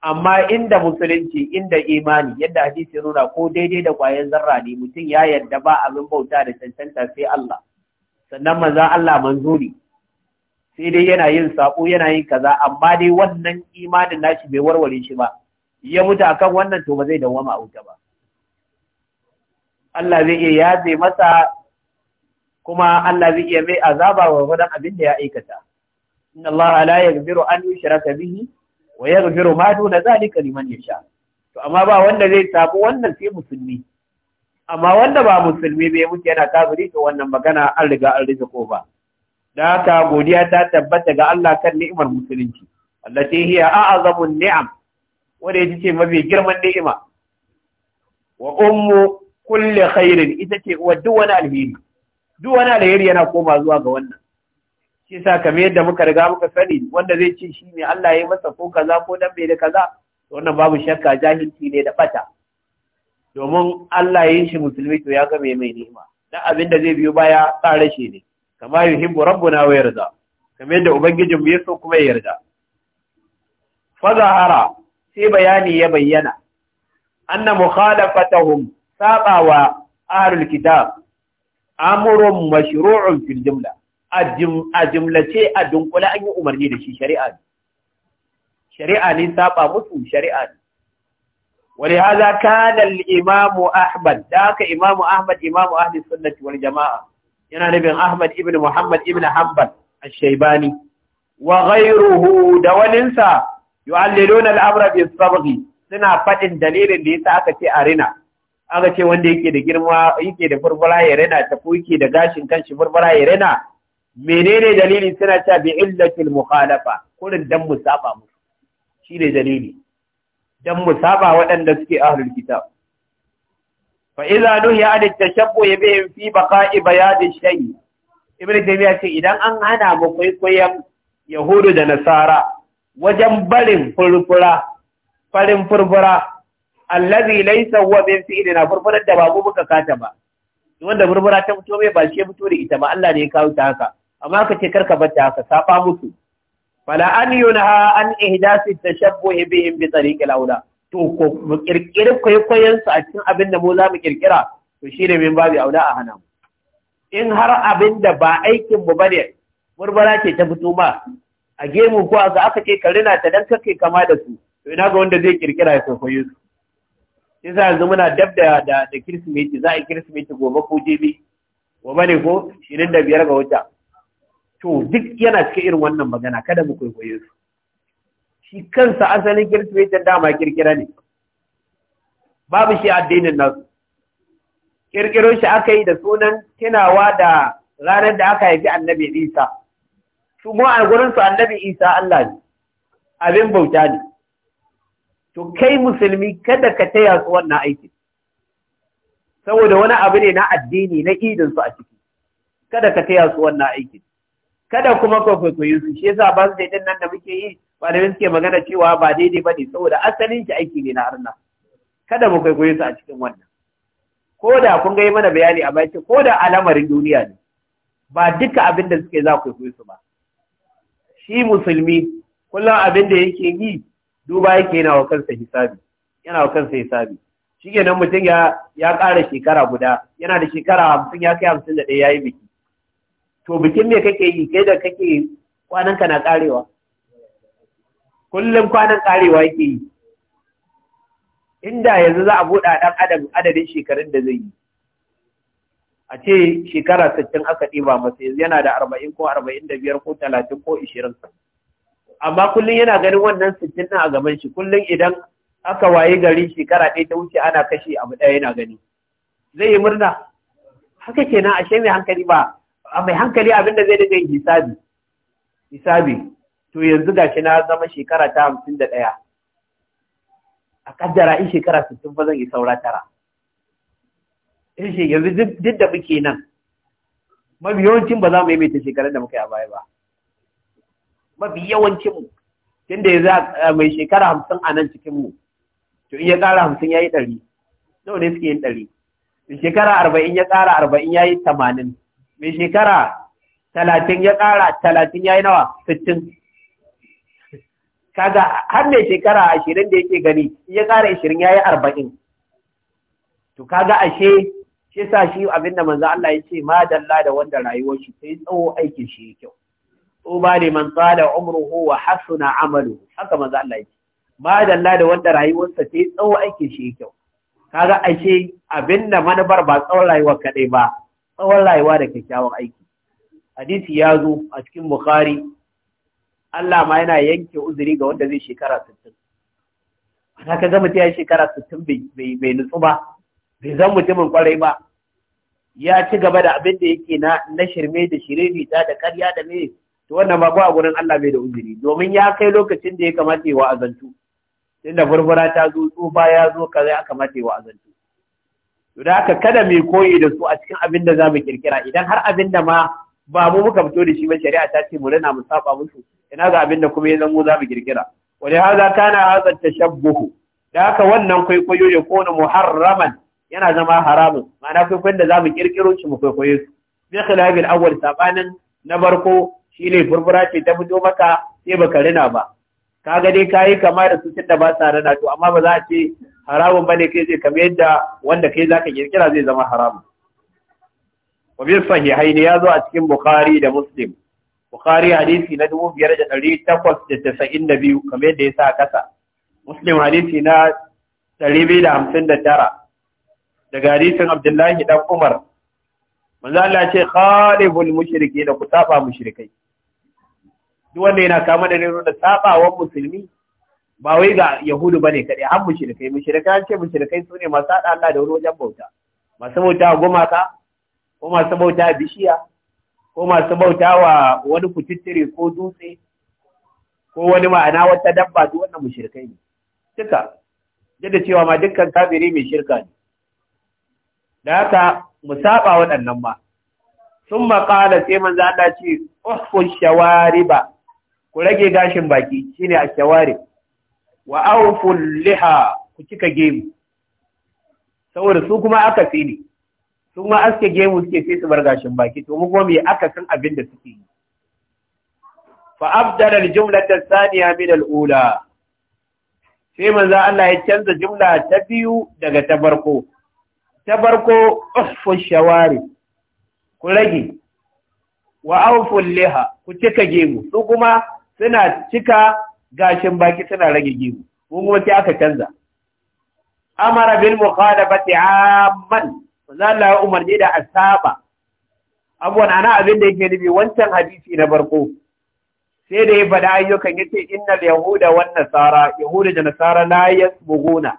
amma inda musulunci inda imani yadda hadisi ya nuna ko daidai da kwayan zarra ne mutum ya yarda ba abin bauta da cancanta sai Allah sannan maza Allah ne sai dai yana yin sako yana yin kaza amma dai wannan imanin nashi bai warware shi ba ya mutu akan wannan to ba zai dawama a wuta ba Allah zai iya yaje masa kuma Allah zai iya mai azaba wa wadan abin da ya aikata inna Allah la yaghfiru an yushraka bihi wa yaghfiru ma duna zalika liman yasha to amma ba wanda zai tabu wannan sai musulmi amma wanda ba musulmi bai muke yana kafiri to wannan magana an riga an rike ba. da haka godiya ta tabbata ga Allah kan ni'imar musulunci allati hiya a'azamu ni'am wanda ya ce mafi girman ni'ima wa ummu kulle khairin ita ce wa duk wani alheri duk wani alheri yana koma zuwa ga wannan shi sa kamar yadda muka riga muka sani wanda zai ce shi ne Allah ya yi masa ko kaza ko dan bai da kaza to wannan babu shakka jahilci ne da bata domin Allah ya yi shi musulmi to ya ga mai mai ni'ima dan abin da zai biyo baya tsare shi ne kamar yuhibbu rabbuna wa yarda kamar yadda ubangijin mu ya kuma ya yarda fa zahara sai bayani ya bayyana anna mukhalafatahum saɓawa ahlul kitab amurun mashru'un fil jumla a jumlace a dunkule an yi umarni da shi shari'a ne shari'a ne saɓa musu shari'a ne wani haza Kanal imamu ahmad da aka imamu ahmad imamu ahli sunnati wal jama'a yana nufin ahmad ibn muhammad ibn hanbal ash wa ghayruhu da waninsa yu'alliluna al-amra bi sabghi suna fadin dalilin da yasa aka ce arina aka ce wanda yake da girma yake da furfura ya rena ta ko yake da gashin kanshi furfura ya rena menene dalili suna cewa bi illatil mukhalafa kullun dan musaba musu shine dalili dan musaba waɗanda suke ahlul kitab fa idza nuhiya an tashabbu bihim fi baqa'i bayad shay ibnu taymiya ce idan an hana mu kwaikwayon yahudu da nasara wajen barin furfura farin furfura allazi laysa huwa min na furfurar da babu muka kata ba wanda furfura ta fito mai ba shi fito da ita ba Allah ne ya kawo ta haka amma ka ce karka bar ta haka safa musu fala an yunha an ihdasi tashabbuh bihim bi tariq al-aula to ko mu kirkire kwaikwayon su a cikin abin da mu za mu kirkira to shine min babu aula a hana in har abin da ba aikin mu bane murmara ce ta fito ba. a gemu ko aka ce ka rina ta dan kake kama da su to ina ga wanda zai kirkira ya kwaikwayo sa yanzu muna dab da da kirsimeti za a yi kirsimeti gobe ko jibi gobe ne ko shirin da biyar ga wata to duk yana cikin irin wannan magana kada mu kwaikwayo su shi kansa asalin kirsimetin dama kirkira ne babu shi addinin nasu kirkiro shi aka yi da sunan tunawa da ranar da aka haifi annabi isa su mu a gurin su annabi isa allah ne abin bauta ne to kai musulmi kada ka taya su wannan aikin saboda wani abu ne na addini na idin su a ciki kada ka taya su wannan aikin kada kuma ka kwaikwayi su shi yasa ba su daidai nan da muke yi da suke magana cewa ba daidai ba ne saboda asalin shi aiki ne na harna kada mu kwaikwayi su a cikin wannan ko da kun ga mana bayani a baki ko da al'amarin duniya ne ba duka abin da suke za kwaikwayi su ba shi musulmi kullum abin da yake yi duba yake yana wa kansa hisabi yana wa kansa hisabi shikenan mutum ya ya ƙara shekara guda yana da shekara hamsin ya kai hamsin da ɗaya ya yi biki to bikin me kake yi kai da kake kwananka na ƙarewa kullum kwanan ƙarewa yake yi inda yanzu za a buɗa ɗan adam adadin shekarun da zai yi a ce shekara sittin aka ɗiba masa yanzu yana da arba'in ko arba'in da biyar ko talatin ko ishirin amma kullum yana ganin wannan sittin ɗin a gaban shi kullum idan aka waye gari shekara ɗaya ta wuce ana kashe abu ɗaya yana gani zai yi murna haka kenan ashe mai hankali ba a mai hankali abin da zai daga yin hisabi hisabi to yanzu ga shi na zama shekara ta hamsin da ɗaya a kaddara in shekara sittin fa zan yi saura tara in shi yanzu duk da muke nan mafi yawancin ba za mu yi mai ta shekarun da muka yi a baya ba mafi yawancin mu za a eh, mai shekara hamsin a nan cikin mu to in ya ƙara hamsin ya yi ɗari nawa ne suke yin ɗari mai shekara arba'in ya ƙara arba'in ya yi tamanin mai shekara talatin ya ƙara talatin ya yi nawa sittin kaga har mai shekara ashirin da yake gani in ya ƙara ashirin ya yi arba'in to kaga ashe shi sa shi abin da manzo Allah ya ce ma dalla da wanda rayuwar shi sai tsawo aikin shi ya kyau tuba ne tsala umruhu wa hasuna amalu haka manzo Allah yake ba Allah da wanda rayuwarsa ta yi tsawo aikin shi kyau kaga ashe abinda manubar ba tsawon rayuwa kadai ba tsawon rayuwa da kyakkyawan aiki hadisi ya zo a cikin bukhari Allah ma yana yanke uzuri ga wanda zai shekara 60 ana ka mutum ya shekara 60 bai bai nutsu ba bai zan mutumin kwarai ba ya ci gaba da abin da yake na na shirme da shiriri ta da karya da me to wannan ba ko a gurin Allah bai da uzuri domin ya kai lokacin da ya kamata wa azantu. tunda furfura ta zo tsufa ya zo kaza ya kamata ya azantu to da haka kada mai koyi da su a cikin abin da zamu kirkira idan har abin da ma ba mu muka fito da shi ba shari'a ta ce mu rana mu saba musu ina ga abin da kuma ya zango zamu kirkira wa na kana hadha tashabbuh da haka wannan kwaikwayo ya kona muharraman yana zama haramun ma'ana kwaikwayon da zamu kirkiro shi mu kwaikwaye su bi khilafil awwal sabanin na barko ne furfura ce ta fito maka sai baka rina ba Ka ga dai kayi kama da su tunda ba sa rina to amma ba za a ce haramun bane kai zai kamar yadda wanda kai zaka kirkira zai zama haramun wa bi sahihaini ya zo a cikin bukhari da muslim bukhari hadisi na biyu, kamar yadda ya sa kasa muslim hadisi na 259 daga hadisin abdullahi dan umar manzo Allah ce khalifu mushriki da ku saba mushrikai duk wanda yana kama da nero da sabawan musulmi ba wai ga yahudu bane kadai har mushrikai mushrikai an ce mushrikai su ne masu hada Allah da wani wajen bauta masu bauta wa gumaka ko masu bauta wa bishiya ko masu bauta wa wani kututture ko dutse ko wani ma'ana wata dabba duk wannan mushrikai ne duka da cewa ma dukkan kafiri mai shirka ne da haka mu saba waɗannan ba sun maƙala sai manzo Allah ce uhfu shawariba ku rage gashin baki shine shawari. wa awful liha ku cika gemu saboda su kuma aka fi ne su ma aske gemu suke sai su bar gashin baki to mu mai aka san abin da suke yi fa abdala ta jumlata thaniya min al-ula sai manzo Allah ya canza jumla ta biyu daga ta farko ta farko usfu shawari ku rage wa awfu liha ku cika gemu su kuma suna cika gashin baki suna rage gimu mun kuma ki aka canza amara bil mukhalafati amman zalla ya umarni da asaba abuwan ana abin da yake nufi wancan hadisi na barko sai da ya faɗi ayyukan yace innal yahuda wan nasara yahuda da nasara la yasbuguna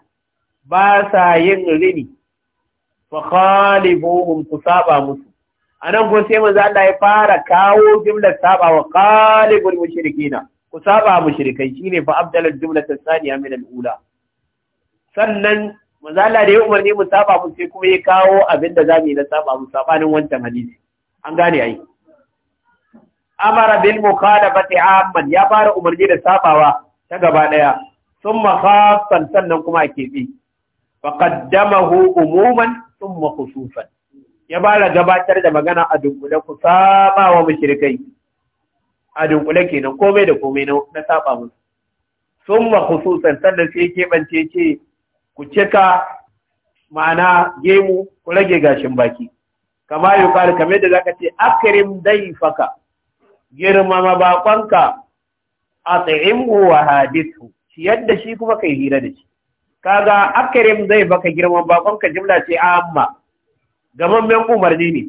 ba sa yin rini fa khalibuhum kusaba musu a nan kun sai manzo Allah ya fara kawo jumlar saba wa qalibul mushrikina ku saba mushrikai shine fa abdalal jumlatu thaniya min al-ula sannan manzo Allah da ya umarni mu saba mu sai kuma ya kawo abinda zamu yi na saba mu sabanin wancan hadisi an gane ai amara bil muqalabati amman ya fara umarni da sabawa ta gaba daya thumma khassan sannan kuma ake bi qaddamahu umuman thumma khususan ya fara gabatar da magana a dunkule ku saba wa mushrikai a dunkule kenan komai da komai na saba musu summa khususan sannan sai keɓance ce ku cika ma'ana gemu ku rage gashin baki kama yi kare kamar da zaka ce akrim daifaka girmama bakonka a tsaimhu wa hadithu shi yadda shi kuma kai hira da shi kaga akrim zai baka girman bakonka jimla ce amma men umarni ne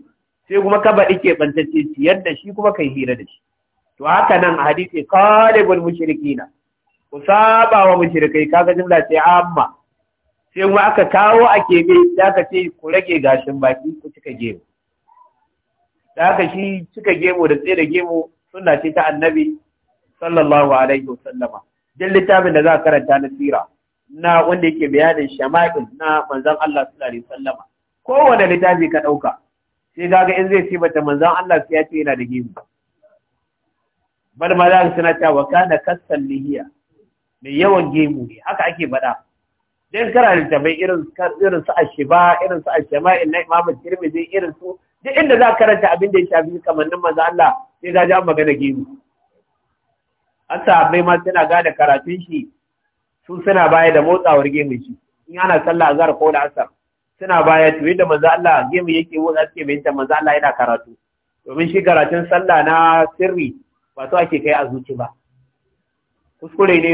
sai kuma ka baɗi ke bantacce shi da shi kuma kai hira da shi to haka nan a hadisi qalibul mushrikina ku saba wa mushrikai kaga jimla ce amma sai kuma aka kawo a kebe da aka ce ku rage gashin baki ku cika gemu da aka shi cika gemu da tsere gemu sunna ce ta annabi sallallahu alaihi wasallama jin littafin da za a karanta na sira na wanda yake bayanin shama'il na manzon Allah sallallahu alaihi wasallama kowane littafi ka ɗauka sai gaga in zai sifata manzan Allah sai ya ce yana da gemu bal ma za ka ta cewa kana lihiya mai yawan gemu ne haka ake faɗa dan kana littafai irin irin su ashiba irin su ashama inna imam tirmidhi irin su duk inda za ka karanta abin da ya shafi kamannin manzan Allah sai ga an magana gemu an sahabbai ma suna gane karatun shi su suna baya da motsawar gemu shi in ana sallah azhar ko da asar suna baya to yadda manzo Allah gemu yake wo aske mai manzo Allah yana karatu domin shi karatun sallah na sirri ba to ake kai a zuci ba kuskure ne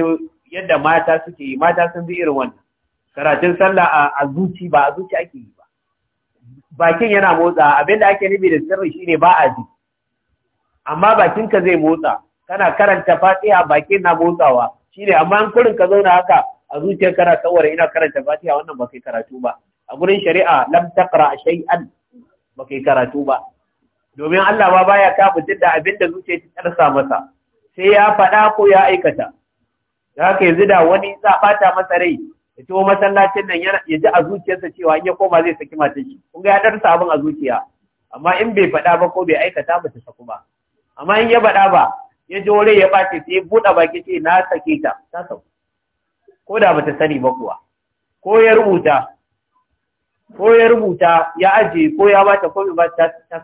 yadda mata suke yi mata sun bi irin wannan karatun sallah a zuci ba a zuci ake yi ba bakin yana motsa abinda ake nufi da sirri shine ba a ji amma bakin ka zai motsa kana karanta fatiha bakin na motsawa shine amma an kurin ka zauna haka a zuciyar kana tsawara ina karanta fatiha wannan ba kai karatu ba a gurin shari'a lam taqra shay'an baka yi karatu ba domin Allah ba baya kafin da abin da zuciya ta tsarsa masa sai ya faɗa ko ya aikata da haka yanzu da wani za bata masa rai ya ciwo masallacin nan ya ji a zuciyarsa cewa in ya koma zai saki matan shi kun ga ya tarsa abin a zuciya amma in bai faɗa ba ko bai aikata ba ta saku ba amma in ya faɗa ba ya ji wurin ya ɓace sai ya buɗe baki ce na sake ta ta sau ko da ba ta sani ba kuwa ko ya rubuta ko ya rubuta ya aje ko ya bata ko ba ta ta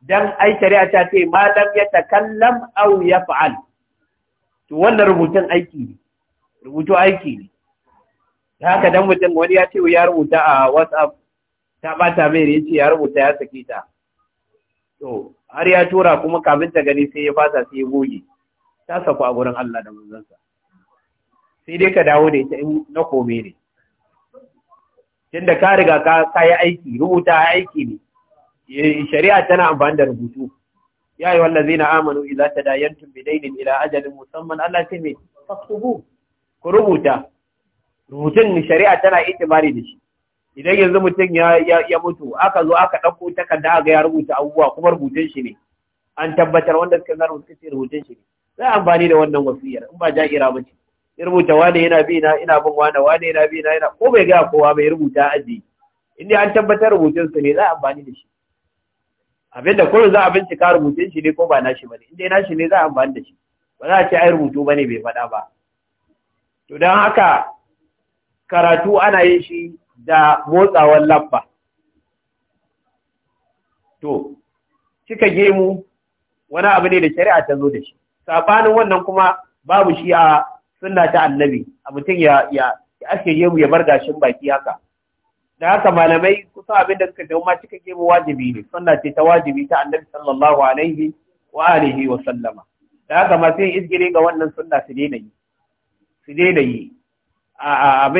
dan ai shari'a ta ce ma lam yatakallam aw yaf'al to wannan rubutun aiki ne rubutu aiki ne haka dan mutum wani ya ce ya rubuta a WhatsApp ta bata mai ya ce ya rubuta ya sake ta to har ya tura kuma kafin ta gani sai ya fasa sai ya goge ta saku a gurin Allah da manzansa sai dai ka dawo da ita in na kome ne tunda ka riga ka yi aiki rubuta aiki ne eh, shari'a tana amfani da rubutu ya yi wallazi na amanu idza tadayantum bidainin ila ajalin musamman Allah ce mai faktubu ku rubuta rubutun shari'a tana itibari da shi idan yanzu mutum ya mutu aka zo aka ɗauko takarda ga ya rubuta abubuwa kuma rubutun shi ne an tabbatar wanda suka zaru suka rubutun shi ne za a amfani da wannan wasiyar in ba ja'ira ba ce ya rubuta wane yana bi na ina bin wane wane yana bi na yana ko bai ga kowa bai rubuta aji inda an tabbatar rubutun sa ne za a amfani da shi abinda kullum za a bincika rubutun shi ne ko ba nashi bane inda nashi ne za a amfani da shi ba za a ce ai rubutu bane bai faɗa ba to dan haka karatu ana yin shi da motsawar lamba to cika gemu wani abu ne da shari'a ta zo da shi sabanin wannan kuma babu shi a sunna ta annabi a mutum ya ya aske gemu ya bar gashin baki haka da haka malamai kusa abin da suka ce ma cika gemu wajibi ne sunna ce ta wajibi ta annabi sallallahu alaihi wa alihi wa sallama da haka masu yin izgiri ga wannan sunna su daina yi su daina yi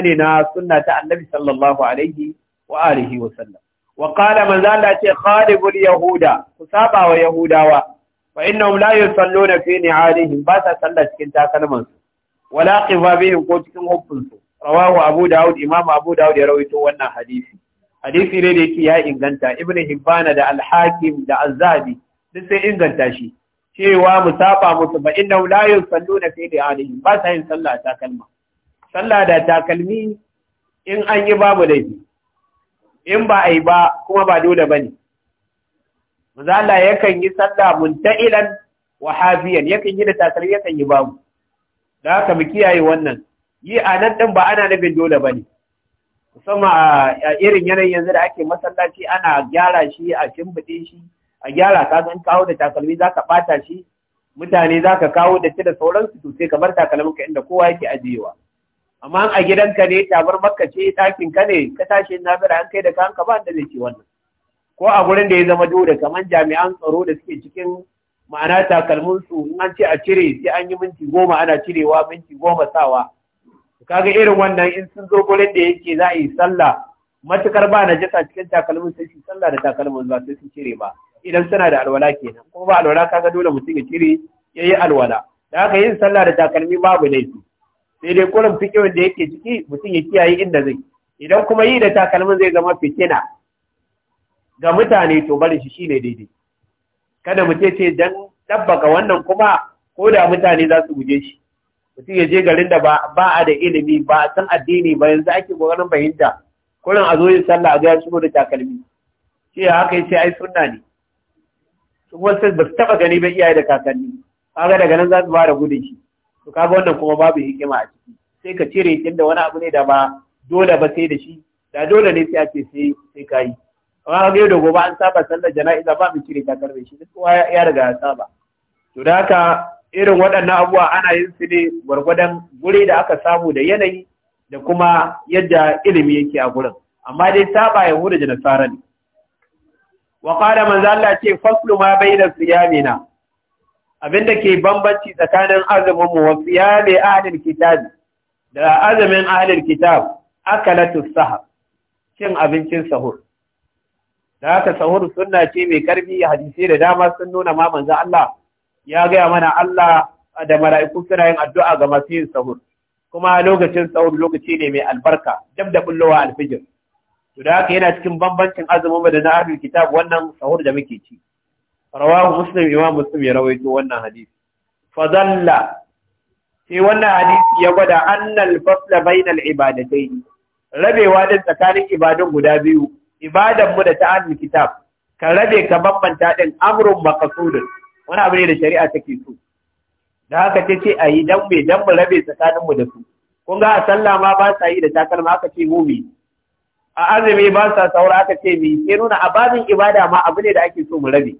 ne na sunna ta annabi sallallahu alaihi wa alihi wa sallam wa qala man zalla ce khalibul yahuda ku saba wa yahudawa fa innahum la yusalluna fi ni'alihim ba sa sallah cikin takalmansu wala qifabihim ko cikin hukunsu rawahu abu daud imam abu daud ya rawaito wannan hadisi hadisi ne da yake ya inganta ibnu hibbana da al-hakim da az duk sai inganta shi cewa musafa saba musu ba inna la yusalluna fi diyanihim ba sai sallah ta kalma sallah da takalmi in an yi babu laifi in ba a ba kuma ba dole bane ne mazala yakan yi sallah munta'ilan wa hafiyan yakan yi da takalmi yakan yi babu da haka mu kiyaye wannan yi a nan ɗin ba ana nufin dole ba ne musamman a irin yanayin yanzu da ake masallaci ana gyara shi a shimfiɗe shi a gyara ka in kawo da takalmi za ka ɓata shi mutane za ka kawo da da sauransu to sai ka bar ka inda kowa yake ajiyewa amma a gidanka ne tabar makka ce ɗakin ka ne ka tashi na zira an kai da kanka ba da zai ce wannan ko a gurin da ya zama dole kamar jami'an tsaro da suke cikin ma'ana takalminsu. su an ce a cire sai an yi minti goma ana cirewa minti goma sawa kaga irin wannan in sun zo gurin da yake za a yi sallah matukar ba najasa cikin takalmin sai su sallah da takalmin ba sai su cire ba idan suna da alwala kenan kuma ba alwala kaga dole mutum ya cire ya yi alwala da haka yin sallah da takalmi babu laifi sai dai kurin fikihun da yake ciki mutum ya kiyaye inda zai idan kuma yi da takalmin zai zama fitina ga mutane to bari shi shine daidai kada mu ce ce dan tabbaka wannan kuma ko da mutane za su guje shi mutum ya je garin da ba a da ilimi ba a san addini ba yanzu ake gwagwarin fahimta kurin a zo yin sallah a ga ya shigo da takalmi shi ya haka yace ai sunna ne su kuma sai ba su taba gani ba iyaye da kakanni kaga daga nan za su fara gudun shi to kaga wannan kuma babu hikima a ciki sai ka cire tunda wani abu ne da ba dole ba sai da shi da dole ne sai ake sai sai kai amma ga da gobe an saba sallar jana'iza ba mu cire da shi duk kowa ya riga ya saba to da haka irin waɗannan abubuwa ana yin su ne gwargwadon guri da aka samu da yanayi da kuma yadda ilimi yake a gurin amma dai saba ya hura da nasara ne wa qala manzo Allah ce faslu ma bayna siyamina abinda ke bambanci tsakanin azumin mu wa siyami ahlil kitab da azumin ahlil kitab akalatu sahar cin abincin sahur da haka sahur sunna ce mai karfi hadisi da dama sun nuna ma manzo Allah ya gaya mana Allah da mala'iku suna yin addu'a ga masu yin sahur kuma lokacin sahur lokaci ne mai albarka dab da bullowa alfijir to da haka yana cikin bambancin azumin da na ahlul kitab wannan sahur da muke ci rawahu muslim imam muslim ya rawaito wannan hadisi fadalla sai wannan hadisi ya gwada annal fasla bainal ibadatayn rabewa din tsakanin ibadun guda biyu ibadan mu da ta ahli kitab ka rabe ka bambanta din amrun maqsudun wani abu ne da shari'a take so da haka ce a ayi dan me dan mu rabe tsakanin mu da su kun ga a sallah ma ba sa yi da takalma aka ce mu a azumi ba sa saura aka ce mi ke nuna a babin ibada ma abu ne da ake so mu rabe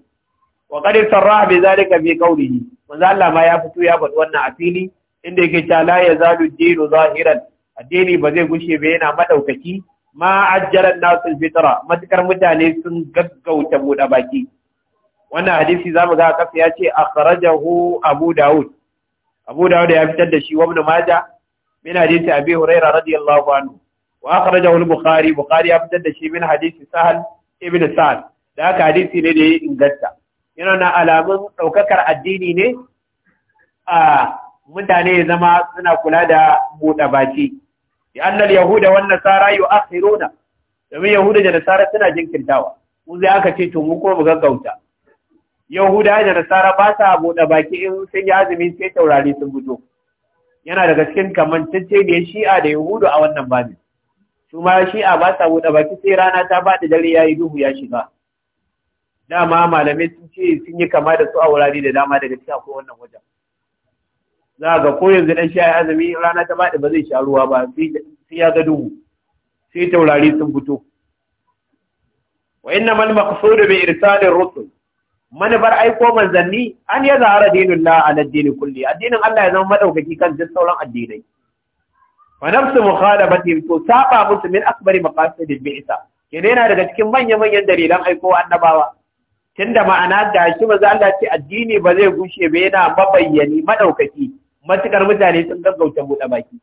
wa qad sarraha bi zalika bi qawlihi wanda Allah ma ya fito ya faɗi wannan a fili inda yake cewa ya zalu dinu zahiran addini ba zai gushe ba yana madaukaki ma ajjaran nasu fitra matukar mutane sun gaggauta buɗe baki wannan hadisi zamu ga kafa ya ce akhrajahu abu daud abu daud ya fitar da shi wa ibn maja min hadisi abi hurairah radiyallahu anhu wa akhrajahu al-bukhari bukhari ya fitar da shi min hadisi sahal ibn sa'd da haka hadisi ne da ya inganta yana na alamun daukakar addini ne a mutane zama suna kula da buɗe baki لأن اليهود والنصارى يؤخرون domin Yahuda da Nasara suna jinkirtawa, mu zai aka ce to mu ko mu gaggauta. Yahuda da Nasara ba sa buɗe baki in sun yi azumi sai taurari sun fito. Yana daga cikin tace da Shi'a da Yahudu a wannan bani. Su ma Shi'a ba sa buɗe baki sai rana ta bada dare ya yi duhu ya shiga. Dama malamai sun ce sun yi kama da su a wurare da dama daga cikin akwai wannan wajen. za ga ko yanzu dan sha azumi rana ta bada ba zai sha ruwa ba sai ya ga duhu sai taurari sun fito wa mal maqsud bi irsalir rusul manufar aiko manzanni an ya zahara dinullah ala dini kulli addinin Allah ya zama madaukaki kan duk sauran addinai fa nafsu mukhalabati to saba musu min akbari maqasid bi'sa ke yana daga cikin manya-manyan dalilan aiko annabawa tunda ma'ana da shi za Allah ce addini ba zai gushe ba yana mabayyani madaukaki matukar mutane sun gaggauta buɗe baki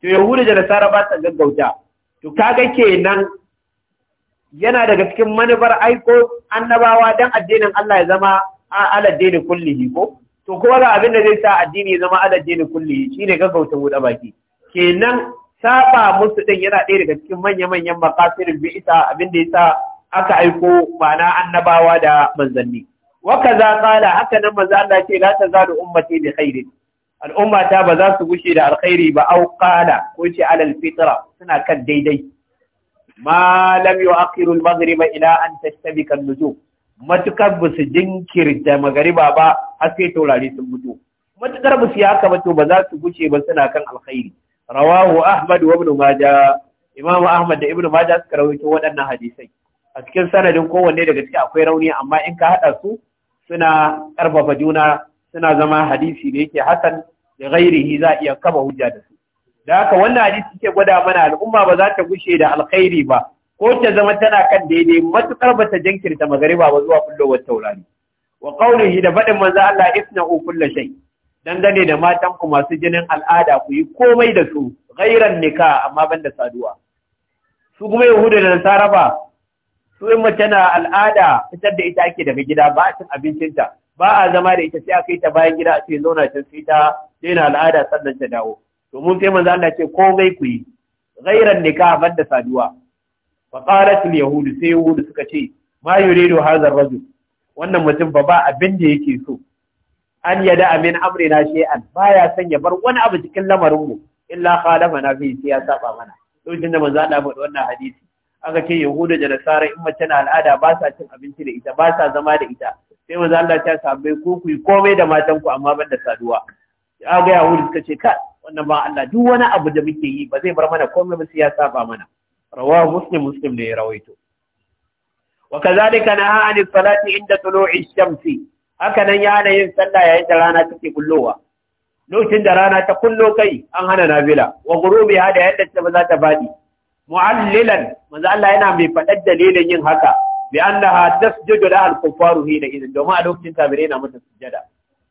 to yahudu da nasara ba ta gaggauta to kaga kenan yana daga cikin manufar aiko annabawa dan addinin Allah ya zama aladdini kullihi ko to kuma ga abin da zai sa addini ya zama aladdini kullihi shine gaggauta buɗe baki kenan saba musu ɗin yana ɗaya daga cikin manya-manyan makasirin isa abin da ya sa aka aiko ma'ana annabawa da manzanni waka za ƙala haka nan manzo Allah ce la tazalu ummati bi khairin al'umma ta ba za su gushe da alkhairi ba au qala ko ce alal fitra suna kan daidai ma lam yu'akhiru al-maghriba ila an tashtabika nujum matukar ba su da magariba ba har sai taurari sun mutu matukar ba su haka ba ba za su gushe ba suna kan alkhairi rawahu ahmad wa ibn majah imam ahmad da ibn majah suka rawaito waɗannan hadisai a cikin sanadin kowanne daga cikin akwai rauni amma in ka hada su suna karfafa juna suna zama hadisi da yake hasan da ghairihi za iya kaba hujja da su da haka wannan hadisi ke gwada mana al'umma ba za ta gushe da alkhairi ba ko ta zama tana kan daidai matukar ba ta jinkirta magariba ba zuwa kullowar taurari wa qaulihi da faɗin manzo Allah isna'u kulla shay dangane da matan ku masu jinin al'ada ku yi komai da su ghairan nika amma banda saduwa su kuma yahuda da nasara ba su in mace na al'ada fitar da ita ake daga gida ba a cin abincinta ba a zama da ita sai a kai ta bayan gida a ce zauna can sai ta daina al'ada sannan ta dawo to mun sai manzo Allah ce ko komai ku yi ghairan nikah banda saduwa fa qalat al yahud sai yahud suka ce ma yuridu hadha rajul wannan mutum ba ba abin da yake so an yada amin amrina shay'an baya son ya bar wani abu cikin lamarin mu illa khalafa na fi sai ya saba mana lokacin da manzo Allah faɗi wannan hadisi aka ce yahuda da nasara in mace na al'ada ba sa cin abinci da ita ba sa zama da ita sai manzo Allah ya sabai ko ku yi komai da matan ku amma ban da saduwa ya ga yahudu suka ce ka wannan ba Allah duk wani abu da muke yi ba zai bar mana komai ba sai ya saba mana rawahu muslim muslim ne ya rawaito wa kazalika naha an salati inda tulu'i shamsi haka nan ya hana yin sallah yayin da rana take kullowa lokacin da rana ta kullo kai an hana nabila. wa mai hada yadda ta ba za ta fadi mu'allilan Maza Allah yana mai faɗar dalilin yin haka bi annaha tasjudu la al hina idan domin a lokacin tabire na mata sujada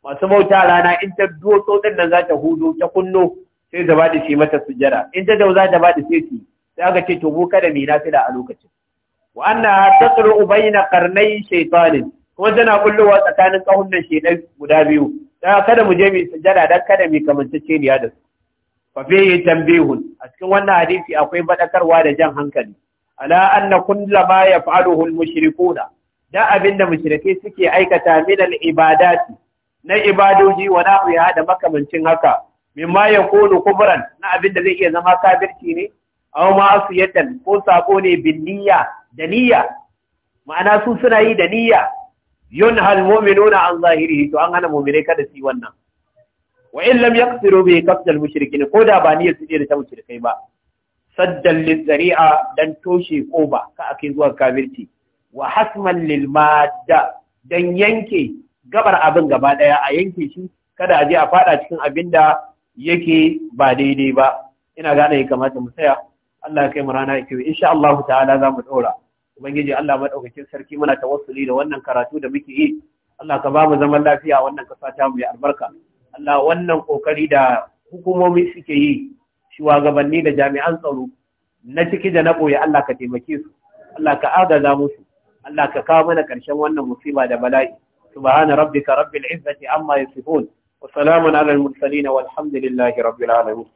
masu bauta rana in ta duwo din nan za ta hudu ta kunno sai da shi mata sujada in ta dauza da bada sai shi sai aka ce to mu kada mi a lokacin wa annaha tasru baina qarnay shaytanin kuma tana kullowa tsakanin kahunnan shedan guda biyu Ta kada mu je mu sujada dan kada mi kamance ne da su fa fihi tanbihun a cikin wannan hadisi akwai fadakarwa da jan hankali ala anna kulla ma yaf'aluhu al-mushrikuna da abinda mushrike suke aikata min al-ibadati na ibadoji wa ya da makamancin haka mimma yakunu kubran na abinda zai iya zama kafirci ne aw ma yadda ko sako ne bin niyya da niyya ma'ana su suna yi da niyya yunhal mu'minuna an zahirihi to an hana mu'mine kada su yi wannan wa in lam yaqsiru bi kafdal mushrikin ko da ba niyyar su ce da ta mushrikai ba saddan lizari'a dan toshe koba ka ake zuwa kafirci wa hasman lil madda dan yanke gabar abin gaba daya a yanke shi kada a je a fada cikin abin da yake ba daidai ba ina gane ya kamata mu tsaya Allah ya kai mu rana yake insha Allah ta'ala za mu dora ubangiji Allah madaukakin sarki muna tawassuli da wannan karatu da muke yi Allah ka ba mu zaman lafiya wannan kasa ta mu albarka Allah wannan kokari da hukumomi suke yi shugabanni da jami'an tsaro na ciki da na ɓoye Allah ka taimake su Allah ka agaza musu Allah ka kawo mana ƙarshen wannan musiba da bala'i subhana rabbika rabbil izzati amma yasifun wa salamun ala al mursalin walhamdulillahi rabbil alamin